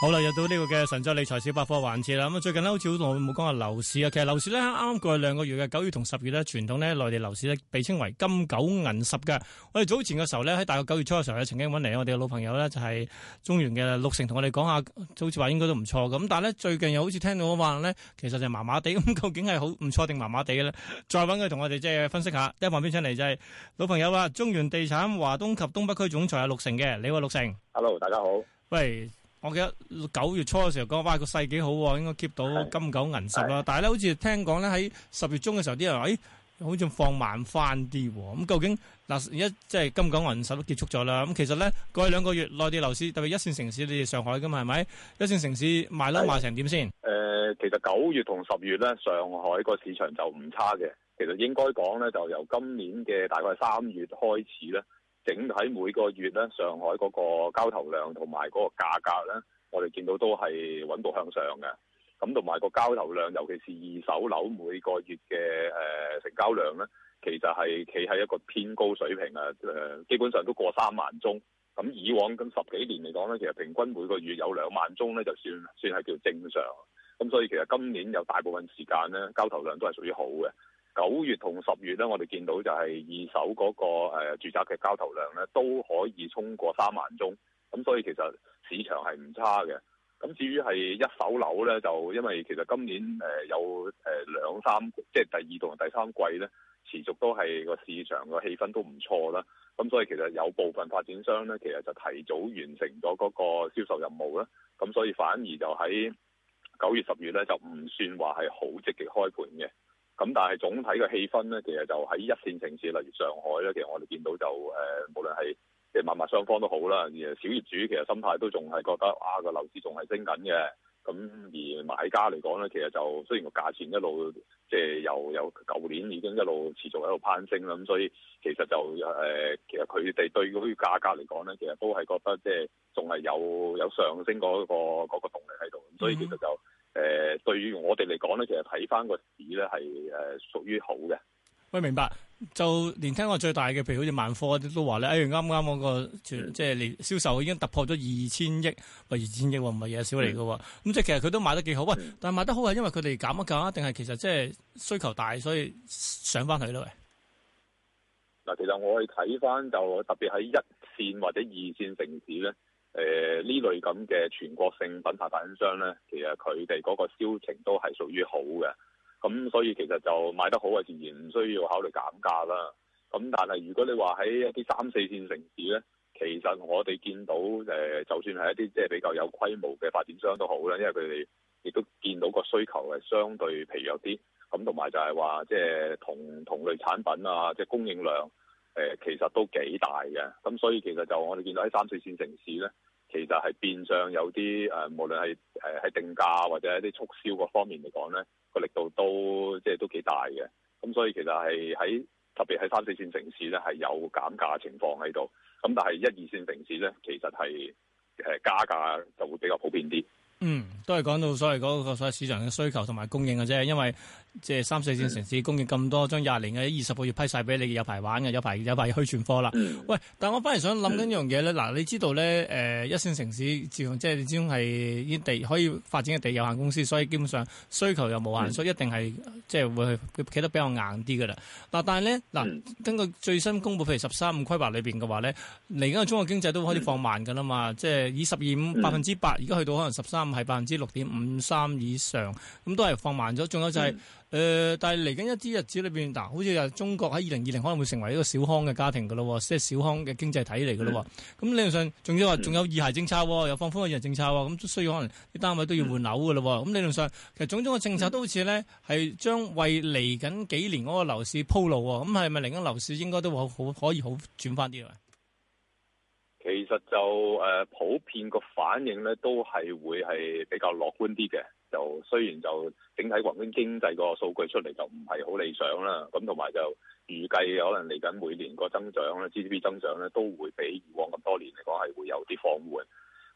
好啦，又到呢個嘅神州理財小百科環節啦。咁啊，最近呢，好似好耐冇講下樓市啊。其實樓市咧，啱啱過去兩個月嘅九月同十月咧，傳統咧內地樓市咧被稱為金九銀十㗎。我哋早前嘅時候咧，喺大概九月初嘅時候，曾經揾嚟我哋嘅老朋友咧，就係、是、中原嘅陸成，同我哋講下，好似話應該都唔錯咁。但係咧最近又好似聽到我話咧，其實就麻麻地咁，究竟係好唔錯定麻麻地嘅咧？再揾佢同我哋即係分析下。一話邊請嚟就係老朋友啊中原地產華東及東北區總裁有陸成嘅，你好，陸成？Hello，大家好。喂。我記得九月初嘅時候講哇、哎、個勢幾好喎，應該 keep 到金九銀十啦。但係咧好似聽講咧喺十月中嘅時候啲人話誒，好似放慢翻啲。咁、嗯、究竟，嗱而家即係金九銀十都結束咗啦。咁、嗯、其實咧，過去兩個月內地樓市，特別一線城市，你哋上海噶嘛係咪？一線城市賣樓賣成點先？誒、呃，其實九月同十月咧，上海個市場就唔差嘅。其實應該講咧，就由今年嘅大概三月開始咧。整體每個月咧，上海嗰個交投量同埋嗰個價格咧，我哋見到都係穩步向上嘅。咁同埋個交投量，尤其是二手樓每個月嘅誒、呃、成交量咧，其實係企喺一個偏高水平啊。誒、呃，基本上都過三萬宗。咁以往咁十幾年嚟講咧，其實平均每個月有兩萬宗咧，就算算係叫正常。咁所以其實今年有大部分時間咧，交投量都係屬於好嘅。九月同十月咧，我哋見到就係二手嗰個誒住宅嘅交投量咧，都可以衝過三萬宗，咁所以其實市場係唔差嘅。咁至於係一手樓咧，就因為其實今年誒有誒兩三即係、就是、第二度同第三季咧，持續都係個市場個氣氛都唔錯啦。咁所以其實有部分發展商咧，其實就提早完成咗嗰個銷售任務啦。咁所以反而就喺九月、十月咧，就唔算話係好積極開盤嘅。咁、嗯、但係總體嘅氣氛咧，其實就喺一線城市，例如上海咧，其實我哋見到就誒、呃，無論係即係買賣雙方都好啦。而小業主其實心態都仲係覺得啊，個樓市仲係升緊嘅。咁、嗯、而買家嚟講咧，其實就雖然個價錢一路即係由舊年已經一路持續喺度攀升啦。咁所以其實就誒，其實佢哋對嗰啲價格嚟講咧，其實都係覺得即係仲係有有上升嗰個嗰個動力喺度。咁所以其實就。呃對於我哋嚟講咧，其實睇翻個市咧係誒屬於好嘅。喂，明白？就連聽過最大嘅，譬如好似萬科啲都話咧，誒啱啱我個、嗯、即係銷售已經突破咗二千億，或二千億唔係嘢少嚟嘅。咁、嗯、即係其實佢都賣得幾好。喂，但係賣得好係因為佢哋減一減？定係其實即係需求大，所以上翻去咯？喂，嗱，其實我哋睇翻就特別喺一線或者二線城市咧。誒、呃，呢類咁嘅全國性品牌發展商咧，其實佢哋嗰個銷情都係屬於好嘅，咁所以其實就賣得好嘅，自然唔需要考慮減價啦。咁但係如果你話喺一啲三四綫城市咧，其實我哋見到誒、呃，就算係一啲即係比較有規模嘅發展商都好啦，因為佢哋亦都見到個需求係相對疲弱啲，咁同埋就係話即係同同類產品啊，即係供應量。誒其實都幾大嘅，咁所以其實就我哋見到喺三四線城市咧，其實係變相有啲誒，無論係誒喺定價或者一啲促銷個方面嚟講咧，個力度都即係都幾大嘅。咁所以其實係喺特別喺三四線城市咧，係有減價的情況喺度。咁但係一二線城市咧，其實係誒加價就會比較普遍啲。嗯，都係講到所謂嗰個所謂的市場嘅需求同埋供應嘅啫，因為。即係三四線城市供應咁多，將廿年嘅二十個月批晒俾你，有排玩嘅，有排有排去存貨啦、嗯。喂，但係我反而想諗緊一樣嘢咧。嗱、嗯，你知道咧，誒，一線城市即係你始終係地可以發展嘅地有限公司，所以基本上需求又無限，嗯、所以一定係即係會企得比較硬啲嘅啦。嗱，但係咧，嗱、嗯，根據最新公布譬如十三五規劃裏邊嘅話咧，嚟緊嘅中國經濟都開始放慢㗎啦嘛。即係以十二五百分之八，而家去到可能十三五係百分之六點五三以上，咁都係放慢咗。仲有就係、是。嗯誒、呃，但係嚟緊一啲日子裏邊，嗱、啊，好似又中國喺二零二零可能會成為一個小康嘅家庭噶咯，即、就、係、是、小康嘅經濟體嚟噶咯。咁、嗯、理論上，仲有仲有二孩政策，又、嗯、放寬個二孩政策，咁需要可能啲單位都要換樓噶咯。咁、嗯、理論上，其實種種嘅政策都好似咧係將為嚟緊幾年嗰個樓市鋪路。咁係咪嚟緊樓市應該都好可可以好轉翻啲啊？其實就誒、呃，普遍個反應咧都係會係比較樂觀啲嘅。就雖然就整體宏觀經濟個數據出嚟就唔係好理想啦，咁同埋就預計可能嚟緊每年個增長咧 GDP 增長咧都會比以往咁多年嚟講係會有啲放緩，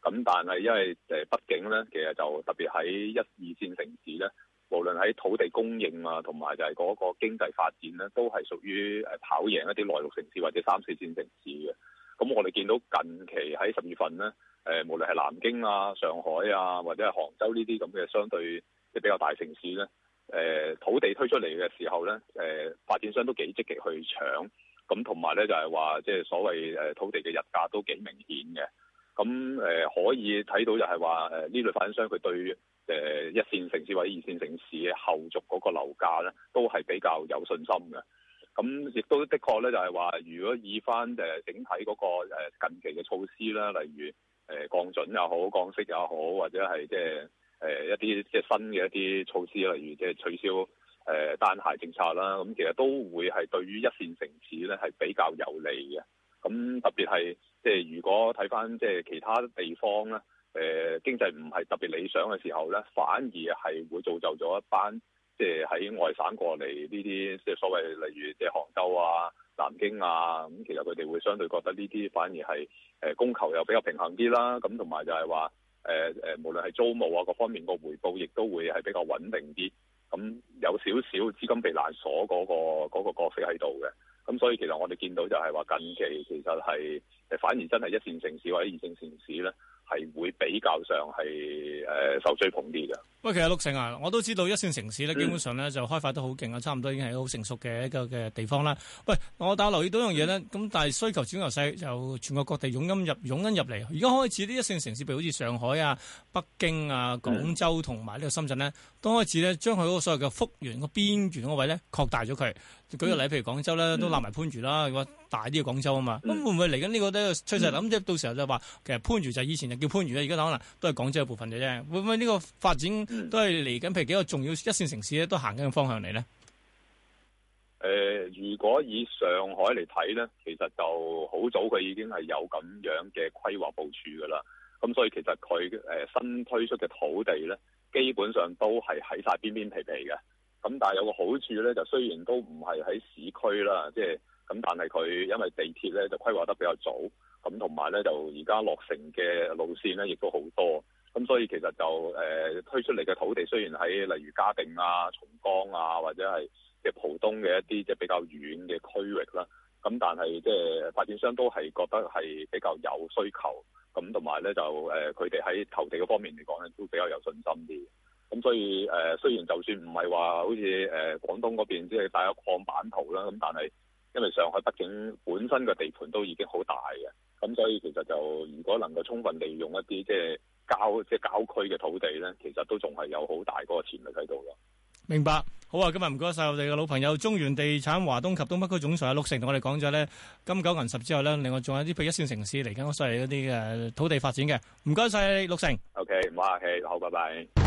咁但係因為誒畢竟咧其實就特別喺一二線城市咧，無論喺土地供應啊同埋就係嗰個經濟發展咧，都係屬於誒跑贏一啲內陸城市或者三四線城市嘅。咁我哋見到近期喺十月份咧。誒、呃，無論係南京啊、上海啊，或者係杭州呢啲咁嘅相對即比較大城市咧，誒、呃、土地推出嚟嘅時候咧，誒、呃、發展商都幾積極去搶，咁同埋咧就係話即係所謂誒土地嘅日價都幾明顯嘅，咁、呃、可以睇到就係話誒呢類發展商佢對誒、呃、一線城市或者二線城市後續嗰個樓價咧，都係比較有信心嘅，咁亦都的確咧就係、是、話，如果以翻誒整體嗰個誒近期嘅措施啦，例如。誒降準又好，降息又好，或者係即係誒一啲即係新嘅一啲措施，例如即係取消誒單鞋政策啦。咁其實都會係對於一線城市咧係比較有利嘅。咁特別係即係如果睇返即係其他地方咧，誒經濟唔係特別理想嘅時候咧，反而係會造就咗一班。即係喺外省過嚟呢啲，即係所謂例如即係杭州啊、南京啊，咁其實佢哋會相對覺得呢啲反而係誒供求又比較平衡啲啦，咁同埋就係話誒誒，無論係租務啊各方面個回報，亦都會係比較穩定啲，咁有少少資金避難所嗰個嗰個角色喺度嘅，咁所以其實我哋見到就係話近期其實係誒反而真係一線城市或者二線城市咧。係會比較上係誒受追捧啲嘅。喂，其實陸成啊，我都知道一線城市咧，基本上咧、嗯、就開發得好勁啊，差唔多已經係好成熟嘅一個嘅地方啦。喂，我大家留意到樣嘢咧，咁、嗯、但係需求轉頭細，就全國各地湧入湧入湧入入嚟。而家開始呢一線城市譬如好似上海啊、北京啊、廣州同埋呢個深圳咧、嗯，都開始咧將佢嗰個所謂嘅幅員個邊緣個位咧擴大咗佢。舉個例，譬如廣州咧都立埋番禺啦，咁、嗯、啊大啲嘅廣州啊嘛，咁、嗯、會唔會嚟緊呢個咧趨勢咁？即係、嗯、到時候就話，其實番禺就係以前。叫番禺啊，而家可能都係廣州嘅部分嘅啫。會唔會呢個發展都係嚟緊，譬如幾個重要一線城市咧，都行緊個方向嚟咧。誒、呃，如果以上海嚟睇咧，其實就好早佢已經係有咁樣嘅規劃部署噶啦咁所以其實佢誒、呃、新推出嘅土地咧，基本上都係喺晒邊邊皮皮嘅。咁但係有個好處咧，就雖然都唔係喺市區啦，即係咁，但係佢因為地鐵咧就規劃得比較早。咁同埋咧，就而家落成嘅路線咧，亦都好多。咁所以其實就誒推出嚟嘅土地，雖然喺例如嘉定啊、松江啊，或者係即係浦東嘅一啲即係比較遠嘅區域啦。咁但係即係發展商都係覺得係比較有需求。咁同埋咧就誒佢哋喺投地嘅方面嚟講咧，都比較有信心啲。咁所以誒，雖然就算唔係話好似誒廣東嗰邊即係帶個礦板圖啦，咁但係因為上海畢竟本身個地盤都已經好大嘅。咁所以其實就如果能夠充分利用一啲即係郊即係郊區嘅土地咧，其實都仲係有好大嗰個潛力喺度咯。明白，好啊！今日唔該晒我哋嘅老朋友中原地產華東及東北區總裁阿陸成同我哋講咗咧金九銀十之後咧，另外仲有啲譬如一線城市嚟緊我哋嗰啲嘅土地發展嘅，唔該晒，陸成。O K，唔好客氣，好，拜拜。